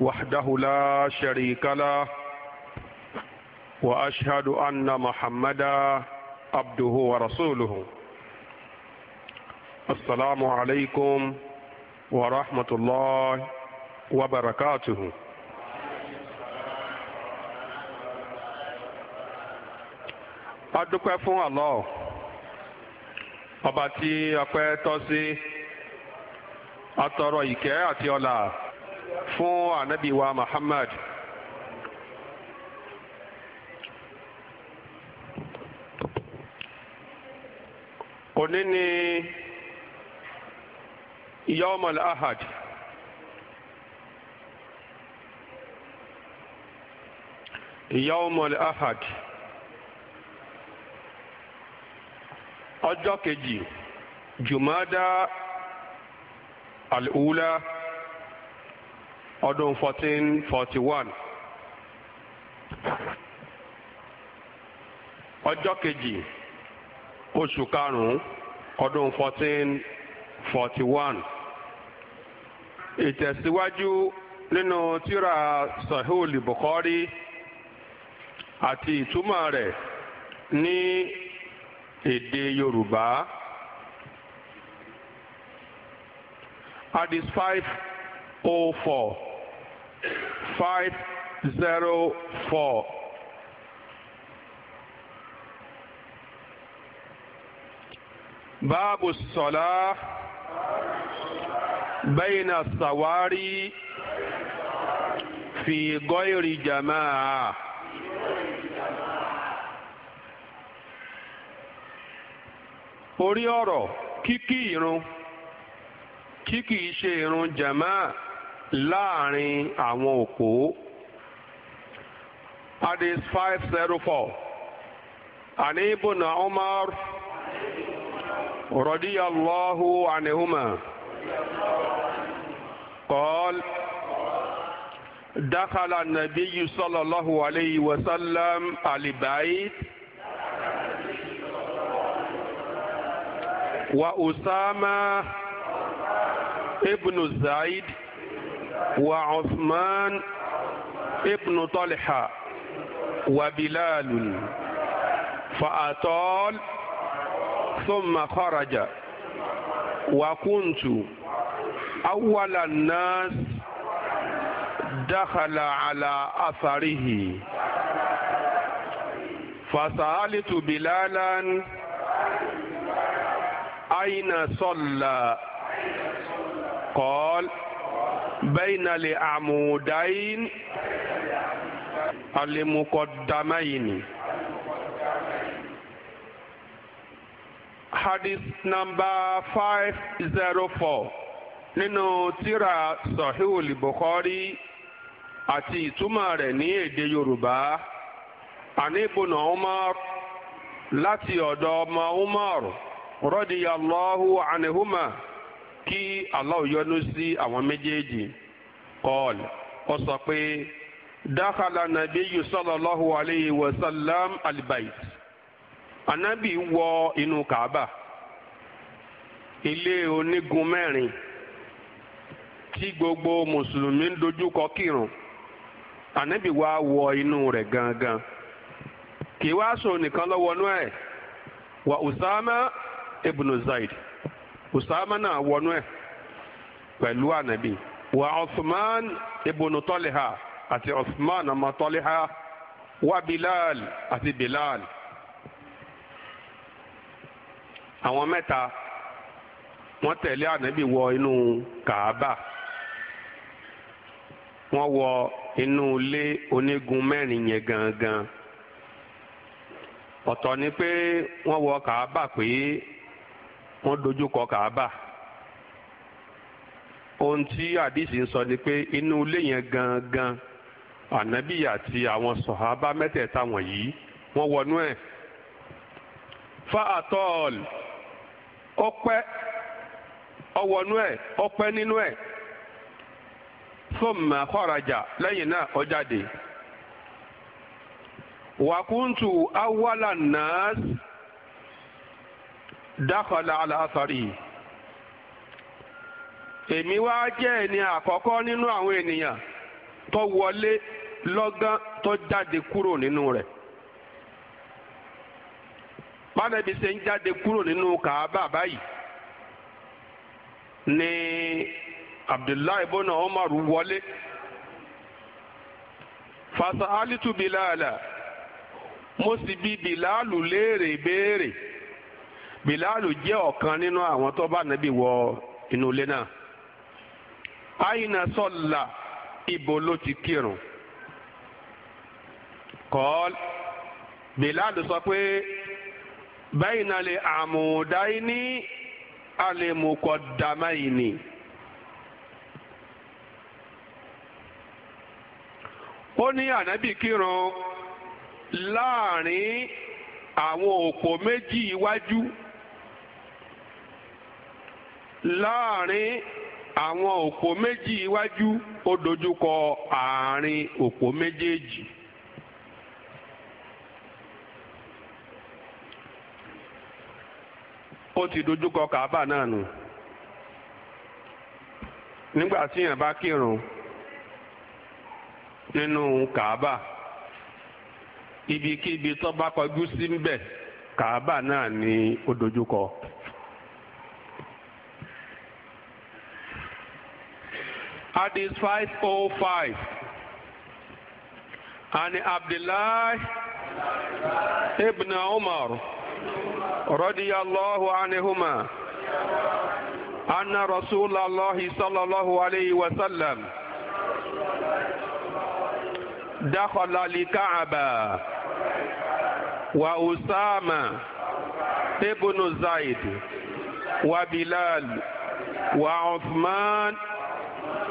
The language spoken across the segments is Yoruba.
وحده لا شريك له واشهد ان محمدا عبده ورسوله السلام عليكم ورحمه الله وبركاته adúpẹ́ fún Allah ọba tí ọpẹ́ tọ́ sí atọrọ ìkẹ́ àti ọlá fún ànábì wa Muhammad òní ni yawmal ahad yawmal ahad ọjọ́ kejì jùmọ́dá al-ula ọdún fourteen forty one ọjọ́ kejì oṣù karùn-ún ọdún fourteen forty one ìtẹ̀síwájú nínú tírà Sahihul Bukhari àti ìtumọ̀ rẹ̀ ní èdè Yorùbá hadith five oh four five باب الصلاة بين الصواري في غير جماعة orí ọ̀rọ̀ kíkí ìrun kíkì í ṣe ìrun láàrin àwọn òpó hadith five zero four ani ibùnà Umar radiyallahu anihuma qal dakhala an-nabiyyu sallallahu alayhi wa sallam al-bayt wa Usama ibn Zaid. وعثمان ابن طلحة وبلال فأطال ثم خرج وكنت أول الناس دخل على أثره فسألت بلالا أين صلى قال بين العمودين المقدمين hadith number five zero four nínú tírà sahihul bukhari àti ìtumọ̀ rẹ̀ ní èdè yorùbá àníbùnà umar láti ọ̀dọ̀ ọmọ umar radiyallahu anhuma. kí Allah yọ́nú sí àwọn méjèèjì kọ́ọ̀l ó sọ pé dákàlà nàbíyù sallallahu alayhi wa sallam albayt anábì wọ inú kaaba ilé onígun mẹ́rin tí gbogbo mùsùlùmí ń dojúkọ kírun anábì wá wọ inú rẹ̀ gangan kí í wá nìkan lọ́wọ́ nú ẹ̀ wà Usama Zaid usama náà wọnú ẹ̀ pẹ̀lú ànábì wa osman ibùnú àti osman ọmọ tọ́lẹ̀ha wa bilal àti bilal àwọn mẹ́ta wọ́n tẹ̀lé anabi wọ inú kaaba wọ́n wọ inú lé onígun mẹ́rin yẹn gangan ọ̀tọ̀ ni pé wọ́n wọ kaaba pé wọ́n dojú kọ kàábà ohun tí àdìsí ń sọ ni pé inú ilé yẹn gangan ànábì àti àwọn sọ̀hábà mẹ́tẹ̀ẹ̀ta wọ̀nyí wọ́n wọnú ẹ̀ fa àtọ́ọ̀lù ọpẹ́ ọwọ́nú ẹ̀ ọpẹ́ nínú ẹ̀ fọ́ọ̀mù àkọ́rajà lẹ́yìn náà ó wàkúntù awala nas dákọ̀lá aláàtọ̀rì èmi wá jẹ́ ẹni àkọ́kọ́ nínú àwọn ènìyàn tó wọlé lọ́gán tó jáde kúrò nínú rẹ̀ pálẹ̀bí ṣe ń jáde kúrò nínú kàábà báyìí ni Abdullahi bona Omar wọlé fasa alitu bilala mo sì bi bilalu léèrè béèrè. bilalu jẹ́ ọ̀kan nínú àwọn tó bá nàbí wọ inú ilé náà àyìnà sọlá ibo ló ti kírun kọ́ọ́l bilalu sọ pé bayna lè àmùdáyìní àlèmùkọ̀dàmáyìní. ó ní ànábì kírun láàrin àwọn òpó méjì iwájú. láàrin àwọn òpó méjì iwájú ó dojúkọ àárín òpó méjèèjì. ó ti dojúkọ kàábà náà nù nígbà tí yẹn bá kírun nínú kàábà ibikíbi tó bá kọjú sí ń kàábà náà ni ó dojúkọ. Hadith 505. عن عبد الله ابن عمر رضي الله عنهما أن رسول الله صلى الله عليه وسلم دخل لكعبة وأسامة ابن زيد وبلال وعثمان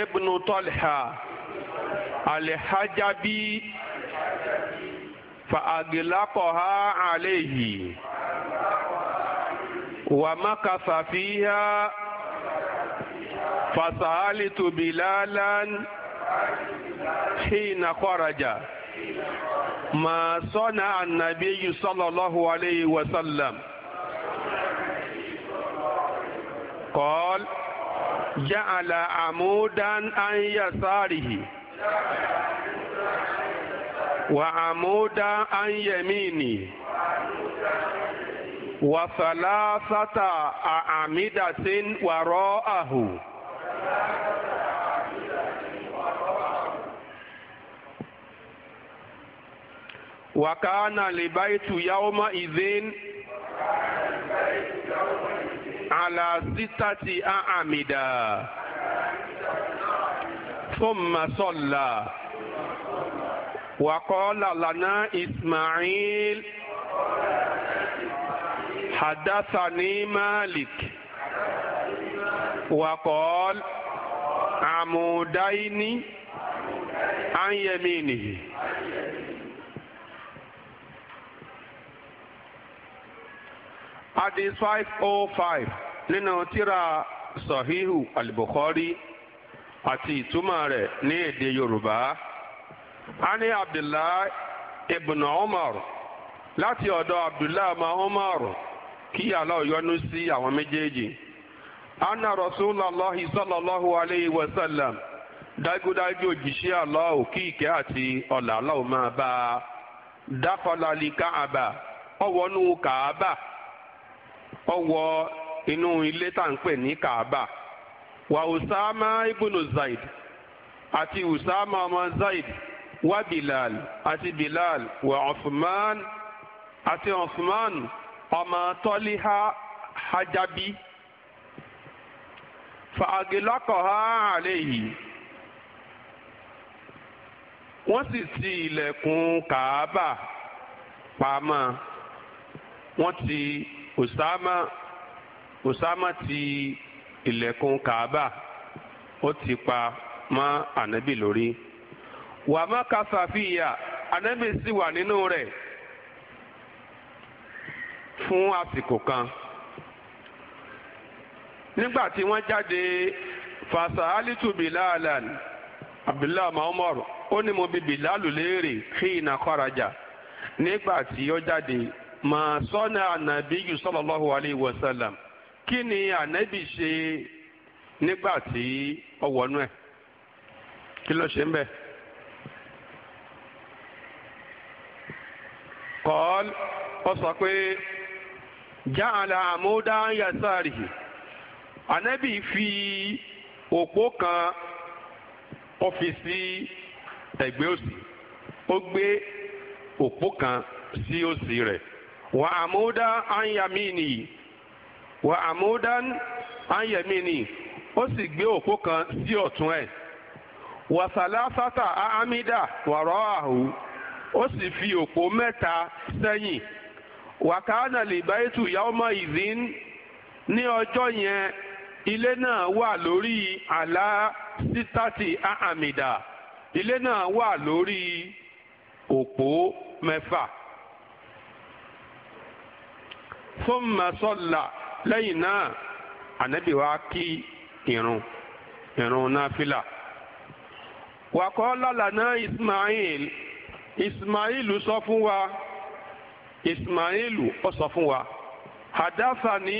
ibnu Talha alihajabi fa'agilakoha alehi wa makasa fiha fasahalitu bilalan hina kharaja ma sona annabiyu sallallahu alaihi wasallam قال ja'ala amudan an yasarihi wa amudan an yamini wa salasata a'amidatin wara'ahu. وكان لبيت يومئذ على ستة أعمدة ثم صلى وقال لنا إسماعيل حدثني مالك وقال عمودين عن يمينه hadith 505 oh five nínú ati sahihu al-bukhari àti ìtumọ̀ rẹ̀ ní èdè yorùbá ani abdullahi ibn umar láti ọ̀dọ̀ abdullahi ma umar kí Allah yọ́nú sí àwọn méjèèjì a dákọ̀lá ó wọ inú ilé tá à ń pè ní kaaba wà usama ibùnú zaid àti usama ọmọ zaid wà bilal àti bilal wà ọfùmán àti ọfùmán ọmọ tọ́líhà hajabi fàgìlákọ̀ọ́ àlẹ́yìí wọ́n sì ti ilẹ̀kùn kàábà pamọ́ wọ́n ti Usama Usama ti ilẹkun Kaaba ó ti pa ma anabi lórí. Wà má kafa fàfihà anabi sì wà nínú rẹ fún àsìkò kan. Nígbà tí wọn jáde fàṣà alitu bilalan Abdullahi Muhammad ó ní mo bi Bilalu léèrè kí iná kọ́rajà nígbà tí ó jáde ma sọ́nà anabiyu sallallahu alayhi wa sallam kí ni ànábì ṣe nígbà tí ó wọnú ẹ̀ kí ló ṣe ń bẹ̀. kọ́ọ́l ó sọ pé àmúdá fi òpó kan ọ́fíìsì ẹ̀gbẹ́ òsì ó gbé òpó kan sí òsì rẹ̀. wà àmúdá ànyàmínì wà àmúdá ànyàmínì ó sì gbé òpó kan sí ọ̀tún ẹ̀ wà sàlásátà àmídà wàrọ̀ àhù ó sì fi òpó mẹ́ta sẹ́yìn wà kánà lè báyìí tù yàwọ́mọ ìzín ní ọjọ́ yẹn ilé náà wà lórí àlá sítátì àmídà ilé náà wà lórí òpó mẹ́fà thumma salla lẹ́yìn náà ànábì wa kí irun irun náfìlà. wàkọ́ lálàná ismail ismail sọ fún wa ismail ó sọ fún wa hadafa ní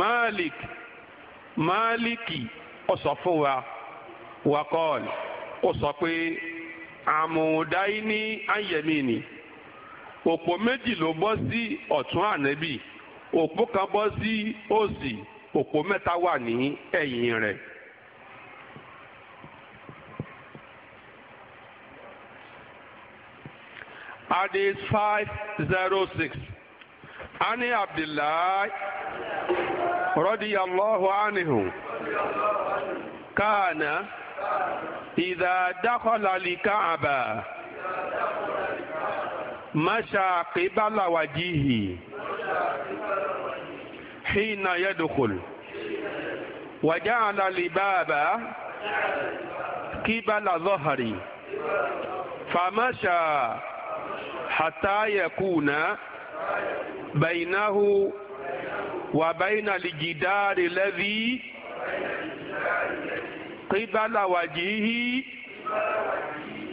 malik maliki ó sọ fún wa wakọ́ọ̀lì ó sọ pé àmùdáyé ní ayẹ̀mí ni. Ayemini. òpó méjì ló bọ́ sí ọ̀tún ànẹ́bì òpó kan bọ́ sí òsì òpó mẹ́ta wà ní ẹ̀yìn rẹ̀. zero six: Ani Abdullah radiyallahu anhu Kaana, idha dakhala li Ka'ba مشى قبل وجهه حين يدخل وجعل لباب قبل ظهري فمشى حتى يكون بينه وبين الجدار الذي قبل وجهه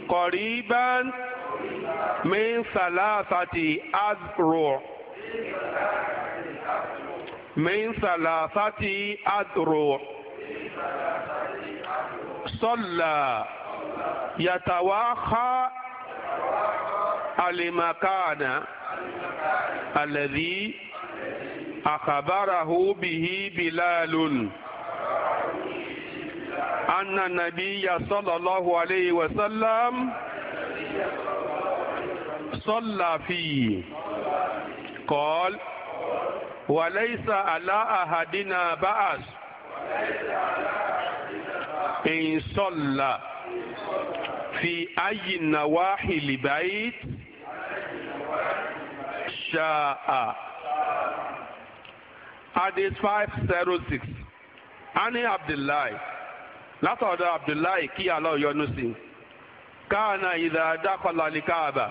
قريبا من ثلاثة أذرع من ثلاثة أذرع صلى يتوخى المكان الذي أخبره به بلال أن النبي صلى الله عليه وسلم صلى فيه قال وليس على أحدنا بأس إن صلى في أي نواحي البيت شاء Hadith 506 Ani Abdullahi látọ̀dọ̀ Abdullahi kí Allah yọ́nú sí i. Káàna ìdá dákọ̀lá ní Káàbà.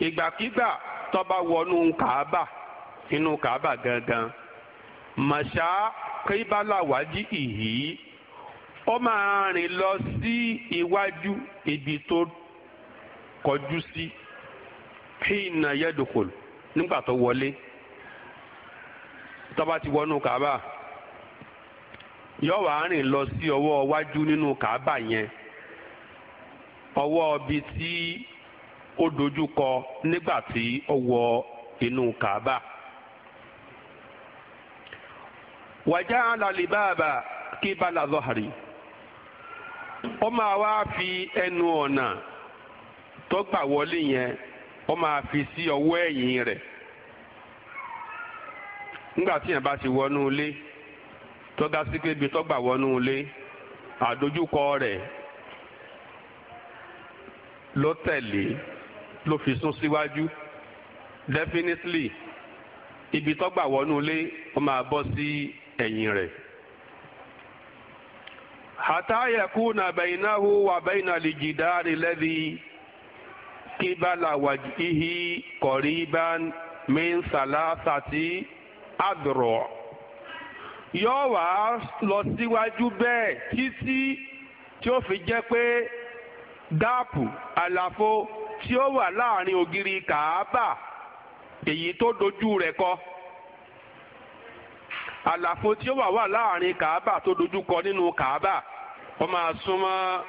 ìgbàkígbà tọba wọnú kàábà inú kàábà gangan màṣá kíbálà wájú ìhí ó máa rìn lọ sí iwájú ibi tó kọjú sí hìnà yẹ́dùkùl nígbà tó wọlé tọba ti wọnú kàábà yóò wá rìn lọ sí ọwọ́ iwájú nínú kàábà yẹn ọwọ́ ibi tí. ó dojú kọ nígbà tí ó wọ inú Kaaba. waja'ala libaba qibala dhahri ó máa wá fi ẹnu ọ̀nà tó gbà wọlé yẹn ó máa fi sí ọwọ́ ẹ̀yìn rẹ̀ nígbà tí yẹn bá ti wọnú ilé tó ga sí pé ibi tó wọnú ilé àdójúkọ rẹ̀ ló tẹ̀lé. ló fi sún síwájú definitely ibi tó gbà wọnú ilé ó máa bọ́ sí ẹ̀yìn rẹ̀. hatta yakuna bainahu wa baina lijidari ladhi qibala wajhihi qariban min salasati adro yóò wá lọ síwájú bẹ́ẹ̀ títí tí ó fi jẹ́ pé dáàpù àlàfo tí ó wà láàrin ògiri kàábà èyí tó dojú rẹ̀ kọ àlàfo tí ó wà wà láàrin kàábà tó dojú kọ nínú kàábà ó máa súnmọ́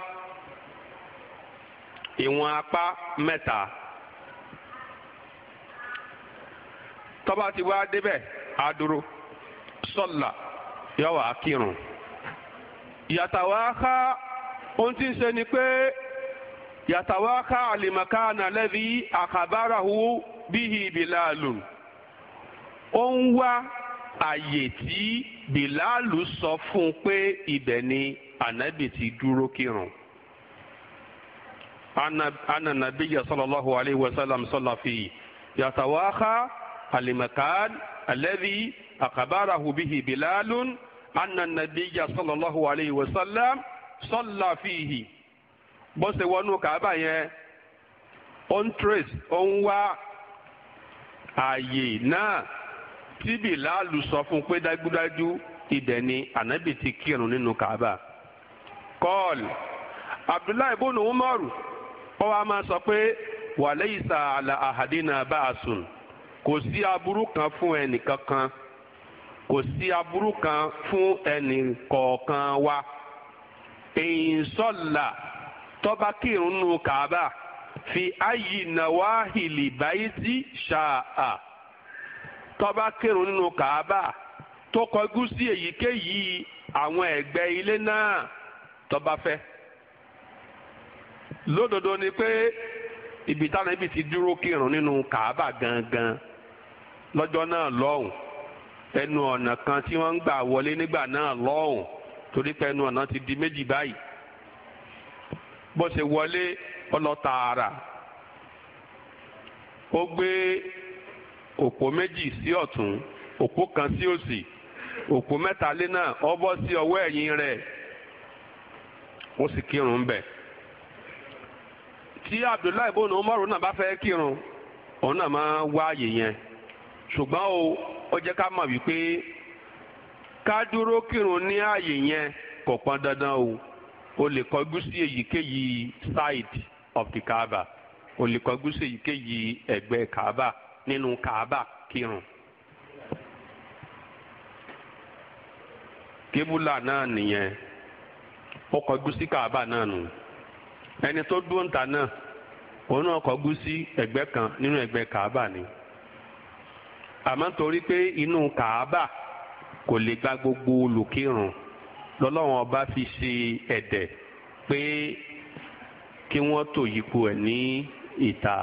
ìwọn apá mẹ́ta tọba ti wá débẹ̀ àdúró sọ́là yọ̀wá kírun ìyàtàwá ká ohun tí ń ṣe ni pé. yàtàwáká àlèmọ̀kánà lẹ́bí àkàbárahu bíhi bìláàlù ó ń wá àyè tí bìláàlù sọ fún un pé ibẹ̀ ni ànábì ti dúró kírun ananabiya sallallahu alayhi wa sallam sallafi yàtàwáká àlèmọ̀kán lẹ́bí àkàbárahu bíhi bìláàlù ananabiya sallallahu alayhi wa sallam sallafihi. bó wọnú kàábà yẹn ó ń trace ó ń wá ààyè náà tíbi Bìláàlù sọ fún un pé dájúdájú ibẹ̀ ni ànábì ti kírun nínú Abdullahi bónú Umaru ó wá máa sọ pé wàlẹ́yìísà àlà àhàdínà bá a sùn kò sí kan fún ẹnì kankan kò sí aburú kan wa èyí Tọba kírun nù kàába fi ayi nawahili baiti ṣáà tọba kírun nínú kàába tó kọjú sí èyíkéyìí àwọn ẹ̀gbẹ́ ilé náà tọ́ba fẹ́. lódodo ni pé ibi táwọn ibi ti dúró kírun nínú kàába gangan Lọjọ náà lọ́hùn ẹnu ọ̀nà kan tí wọ́n ń gbà wọlé nígbà náà lọ́hùn torí pé ẹnu ọ̀nà ti di méjì báyìí bó ṣe wọlé ọlọ tààrà ó gbé òpó méjì sí ọ̀tún òpó kan sí òsì òpó mẹ́ta lé náà sí ọwọ́ ẹ̀yìn rẹ̀ ó sì kírun bẹ̀ tí Abdullahi bonu Umaru náà bá fẹ́ kírun òun náà máa wá àyè yẹn ṣùgbọ́n o ó jẹ́ ká mọ̀ wípé ká dúró kírun àyè yẹn kò dandan o. o lè kọjú sí èyíkéyìí side of the kaaba o lè kọjú sí èyíkéyìí ẹ̀gbẹ́ kaaba nínú kaaba kírun. kébùlà náà nìyẹn ó kọjú sí kaaba náà nù ẹni tó dúró ń ta náà òun náà kọjú sí kan nínú Ẹgbẹ kaaba ni àmọ́ torí pé inú kaaba kò lè gba gbogbo olùkírun. lọ́lọ́wọ́n ọba fi ṣe ẹ̀dẹ̀ pé kí wọ́n tò yípo ẹ̀ ní ìta.